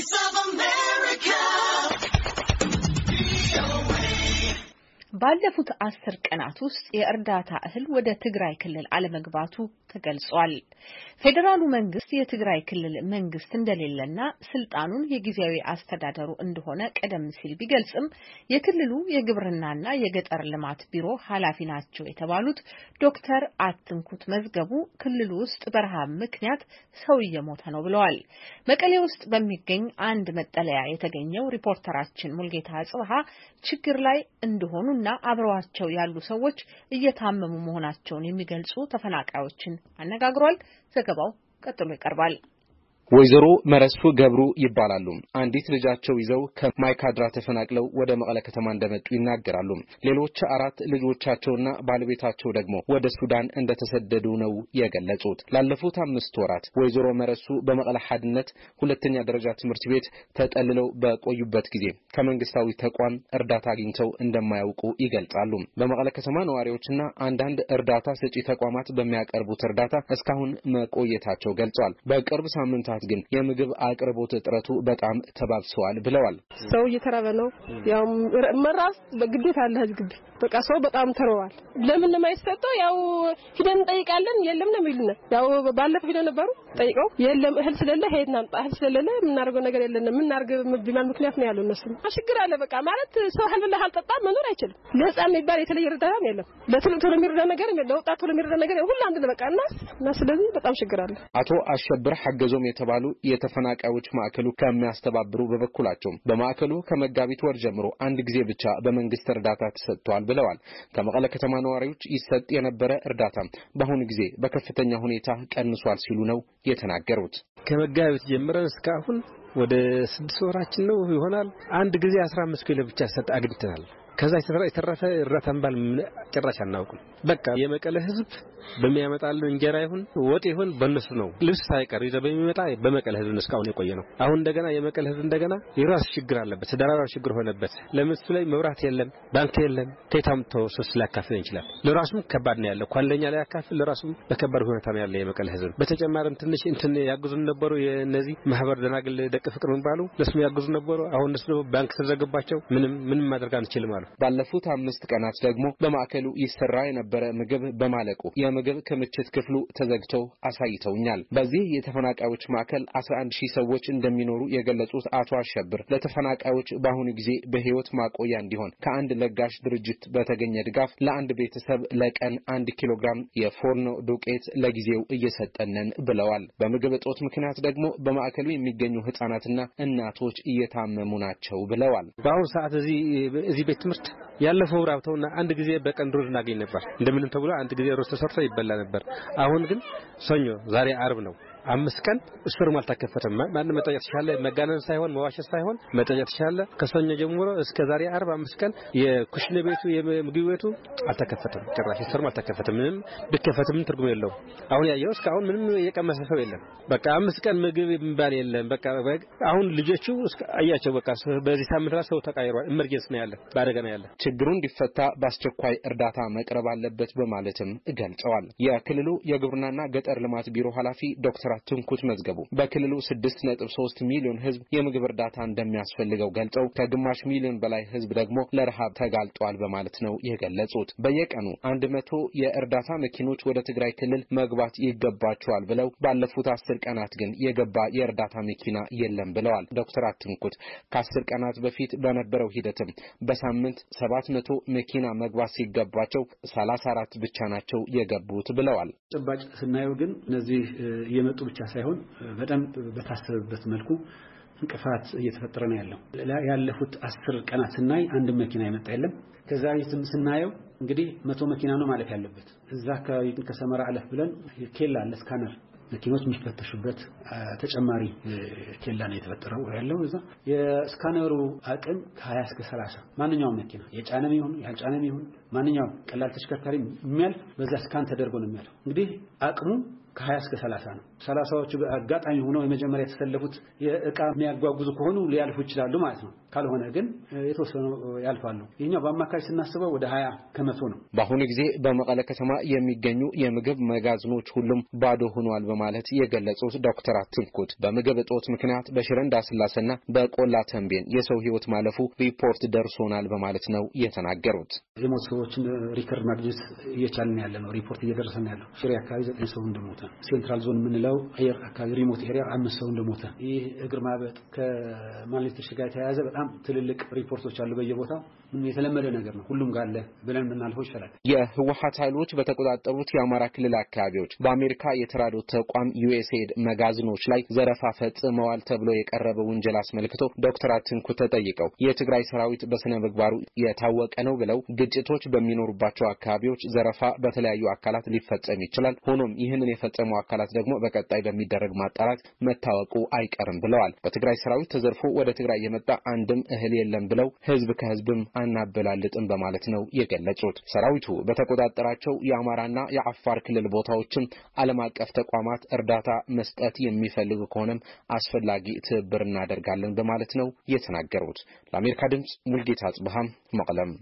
voice of ባለፉት አስር ቀናት ውስጥ የእርዳታ እህል ወደ ትግራይ ክልል አለመግባቱ ተገልጿል። ፌዴራሉ መንግስት የትግራይ ክልል መንግስት እንደሌለና ስልጣኑን የጊዜያዊ አስተዳደሩ እንደሆነ ቀደም ሲል ቢገልጽም የክልሉ የግብርናና የገጠር ልማት ቢሮ ኃላፊ ናቸው የተባሉት ዶክተር አትንኩት መዝገቡ ክልሉ ውስጥ በረሃብ ምክንያት ሰው እየሞተ ነው ብለዋል። መቀሌ ውስጥ በሚገኝ አንድ መጠለያ የተገኘው ሪፖርተራችን ሙልጌታ ጽብሃ ችግር ላይ እንደሆኑና አብረዋቸው ያሉ ሰዎች እየታመሙ መሆናቸውን የሚገልጹ ተፈናቃዮችን አነጋግሯል። ዘገባው ቀጥሎ ይቀርባል። ወይዘሮ መረሱ ገብሩ ይባላሉ። አንዲት ልጃቸው ይዘው ከማይካድራ ተፈናቅለው ወደ መቀለ ከተማ እንደመጡ ይናገራሉ። ሌሎች አራት ልጆቻቸውና ባለቤታቸው ደግሞ ወደ ሱዳን እንደተሰደዱ ነው የገለጹት። ላለፉት አምስት ወራት ወይዘሮ መረሱ በመቀለ ሀድነት ሁለተኛ ደረጃ ትምህርት ቤት ተጠልለው በቆዩበት ጊዜ ከመንግስታዊ ተቋም እርዳታ አግኝተው እንደማያውቁ ይገልጻሉ። በመቀለ ከተማ ነዋሪዎችና አንዳንድ እርዳታ ሰጪ ተቋማት በሚያቀርቡት እርዳታ እስካሁን መቆየታቸው ገልጿል። በቅርብ ሳምንታት ሀገራት ግን የምግብ አቅርቦት እጥረቱ በጣም ተባብሰዋል ብለዋል። ሰው እየተራበ ነው። ያው መራስ በግዴታ አለ ህዝብ በቃ ሰው በጣም ተረዋል። ለምን የማይሰጠው ያው ሂደን እንጠይቃለን የለም ነው የሚሉን። ያው ባለፈው ሂደው ነበሩ ጠይቀው የለም እህል ስለሌለ ሄድና አምጣ እህል ስለሌለ የምናደርገው ነገር የለንም የምናደርግ ቢማል ምክንያት ነው ያሉ እነሱ ችግር አለ በቃ ማለት ሰው ብለህ ካልጠጣ መኖር አይችልም። ለህፃን የሚባል የተለየ እርዳታም የለም። ለትልቅ ቶሎ የሚረዳ ነገር ለወጣት ቶሎ የሚረዳ ነገር ሁሉ አንድ ነው በቃ እና እና ስለዚህ በጣም ችግር አለ። አቶ አሸብር ሐገዞም የተባ የተባሉ የተፈናቃዮች ማዕከሉ ከሚያስተባብሩ በበኩላቸው በማዕከሉ ከመጋቢት ወር ጀምሮ አንድ ጊዜ ብቻ በመንግስት እርዳታ ተሰጥቷል ብለዋል። ከመቀለ ከተማ ነዋሪዎች ይሰጥ የነበረ እርዳታ በአሁኑ ጊዜ በከፍተኛ ሁኔታ ቀንሷል ሲሉ ነው የተናገሩት። ከመጋቢት ጀምረን እስካሁን ወደ ስድስት ወራችን ነው ይሆናል። አንድ ጊዜ አስራ አምስት ኪሎ ብቻ ሰጥ አግኝተናል። ከዛ የተረፈ ረተንባል ጭራሽ አናውቅም። በቃ የመቀለ ህዝብ በሚያመጣልን እንጀራ ይሁን ወጥ ይሁን በእነሱ ነው። ልብስ ሳይቀር ይዘ በሚመጣ በመቀለ ህዝብ ነው እስካሁን የቆየ ነው። አሁን እንደገና የመቀለ ህዝብ እንደገና የራሱ ችግር አለበት፣ ደራራ ችግር ሆነበት። ለምሱ ላይ መብራት የለም፣ ባንክ የለም። ቴታም ተወሶስ ሊያካፍል እንችላል። ለራሱም ከባድ ነው ያለው ኳለኛ ላይ ያካፍል ለራሱም በከባድ ሁኔታ ነው ያለ የመቀለ ህዝብ። በተጨማሪም ትንሽ እንትን ያግዙን ነበሩ የነዚህ ማህበር ደናግል ደቅ ፍቅር የሚባሉ ለስሙ ያግዙ ነበሩ። አሁን እነሱ ባንክ ተዘረገባቸው ምንም ምንም ማድረግ አንችልም አሉ። ባለፉት አምስት ቀናት ደግሞ በማዕከሉ ይሰራ የነበረ ምግብ በማለቁ የምግብ ክምችት ክፍሉ ተዘግቶ አሳይተውኛል። በዚህ የተፈናቃዮች ማዕከል አንድ ሺህ ሰዎች እንደሚኖሩ የገለጹት አቶ አሸብር ለተፈናቃዮች በአሁኑ ጊዜ በሕይወት ማቆያ እንዲሆን ከአንድ ለጋሽ ድርጅት በተገኘ ድጋፍ ለአንድ ቤተሰብ ለቀን አንድ ኪሎ ግራም የፎርኖ ዱቄት ለጊዜው እየሰጠነን ብለዋል። በምግብ እጦት ምክንያት ደግሞ በማዕከሉ የሚገኙ ሕጻናትና እናቶች እየታመሙ ናቸው ብለዋል። በአሁኑ ሰዓት እዚህ ቤት ትምህርት ብንወስድ ያለፈው ራብተውና አንድ ጊዜ በቀን ሩዝ እናገኝ ነበር። እንደምንም ተብሎ አንድ ጊዜ ሩዝ ተሰርቶ ይበላ ነበር። አሁን ግን ሰኞ፣ ዛሬ አርብ ነው። አምስት ቀን እሱንም አልተከፈተም። ማን መጠየቅ ተቻለ? መጋነን ሳይሆን መዋሸት ሳይሆን መጠየቅ ተቻለ። ከሰኞ ጀምሮ እስከ ዛሬ አርብ አምስት ቀን የኩሽነ ቤቱ የምግብ ቤቱ አልተከፈተም፣ ጭራሽ እሱንም አልተከፈተም። ምንም ቢከፈትም ትርጉም የለውም። አሁን ያየው እስካሁን ምንም የቀመሰ ሰው የለም። በቃ አምስት ቀን ምግብ የሚባል የለም። በቃ አሁን ልጆቹ አያቸው። በቃ በዚህ ሳምንት ላይ ሰው ተቃይሯል። ኢመርጀንስ ነው ያለ፣ በአደጋ ነው ያለ። ችግሩ እንዲፈታ በአስቸኳይ እርዳታ መቅረብ አለበት በማለትም ገልጸዋል። የክልሉ የግብርናና ገጠር ልማት ቢሮ ኃላፊ ዶክተር ዶክተር ትንኩት መዝገቡ በክልሉ ስድስት ነጥብ ሶስት ሚሊዮን ህዝብ የምግብ እርዳታ እንደሚያስፈልገው ገልጸው ከግማሽ ሚሊዮን በላይ ህዝብ ደግሞ ለረሃብ ተጋልጧል በማለት ነው የገለጹት። በየቀኑ አንድ መቶ የእርዳታ መኪኖች ወደ ትግራይ ክልል መግባት ይገባቸዋል ብለው ባለፉት አስር ቀናት ግን የገባ የእርዳታ መኪና የለም ብለዋል ዶክተር አትንኩት። ከአስር ቀናት በፊት በነበረው ሂደትም በሳምንት ሰባት መቶ መኪና መግባት ሲገባቸው ሰላሳ አራት ብቻ ናቸው የገቡት ብለዋል። ጭባጭ ስናየው ግን እነዚህ እየመጡ መጡ ብቻ ሳይሆን በጣም በታሰበበት መልኩ እንቅፋት እየተፈጠረ ነው ያለው። ያለፉት አስር ቀናት ስናይ አንድ መኪና የመጣ የለም። ከዛ ስናየው እንግዲህ መቶ መኪና ነው ማለፍ ያለበት። እዛ አካባቢ ግን ከሰመራ አለፍ ብለን ኬላ አለ ስካነር መኪኖች የሚፈተሹበት ተጨማሪ ኬላ ነው የተፈጠረው ያለው። እዛ የስካነሩ አቅም ከሀያ እስከ ሰላሳ ማንኛውም መኪና የጫነም ይሁን ያልጫነም ይሁን ማንኛውም ቀላል ተሽከርካሪ የሚያልፍ በዛ ስካን ተደርጎ ነው የሚያልፍ። እንግዲህ አቅሙ ከሀያ እስከ 30 ነው። ሰላሳዎቹ አጋጣሚ ሆነው የመጀመሪያ የተሰለፉት የእቃ የሚያጓጉዙ ከሆኑ ሊያልፉ ይችላሉ ማለት ነው። ካልሆነ ግን የተወሰኑ ያልፋሉ። ይህኛው በአማካይ ስናስበው ወደ ሀያ ከመቶ ነው። በአሁኑ ጊዜ በመቀለ ከተማ የሚገኙ የምግብ መጋዘኖች ሁሉም ባዶ ሆኗል በማለት የገለጹት ዶክተር አትንኩት በምግብ እጦት ምክንያት በሽረንዳ ስላሴና በቆላ ተንቤን የሰው ህይወት ማለፉ ሪፖርት ደርሶናል በማለት ነው የተናገሩት። የሞት ሰዎችን ሪከርድ ማግኘት እየቻልን ያለ ነው። ሪፖርት እየደረሰን ያለው ሽሬ አካባቢ ዘጠኝ ሰው እንደሞት ሞተ። ሴንትራል ዞን የምንለው አየር አካባቢ ሪሞት ኤሪያ አምስት ሰው እንደሞተ፣ ይህ እግር ማበጥ ከማንሌት ሽጋ የተያያዘ በጣም ትልልቅ ሪፖርቶች አሉ በየቦታው የተለመደ ነገር ነው፣ ሁሉም ጋር አለ ብለን ብናልፈው ይሻላል። የህወሀት ኃይሎች በተቆጣጠሩት የአማራ ክልል አካባቢዎች በአሜሪካ የተራዶ ተቋም ዩኤስኤድ መጋዘኖች ላይ ዘረፋ ፈጽመዋል ተብሎ የቀረበ ወንጀል አስመልክቶ ዶክተር አትንኩ ተጠይቀው የትግራይ ሰራዊት በስነ ምግባሩ የታወቀ ነው ብለው ግጭቶች በሚኖሩባቸው አካባቢዎች ዘረፋ በተለያዩ አካላት ሊፈጸም ይችላል። ሆኖም ይህንን የፈጸሙ አካላት ደግሞ በቀጣይ በሚደረግ ማጣራት መታወቁ አይቀርም ብለዋል። በትግራይ ሰራዊት ተዘርፎ ወደ ትግራይ የመጣ አንድም እህል የለም ብለው ህዝብ ከህዝብም አናበላልጥም በማለት ነው የገለጹት። ሰራዊቱ በተቆጣጠራቸው የአማራና የአፋር ክልል ቦታዎችም ዓለም አቀፍ ተቋማት እርዳታ መስጠት የሚፈልጉ ከሆነም አስፈላጊ ትብብር እናደርጋለን በማለት ነው የተናገሩት። ለአሜሪካ ድምፅ ሙልጌታ አጽብሃም መቅለም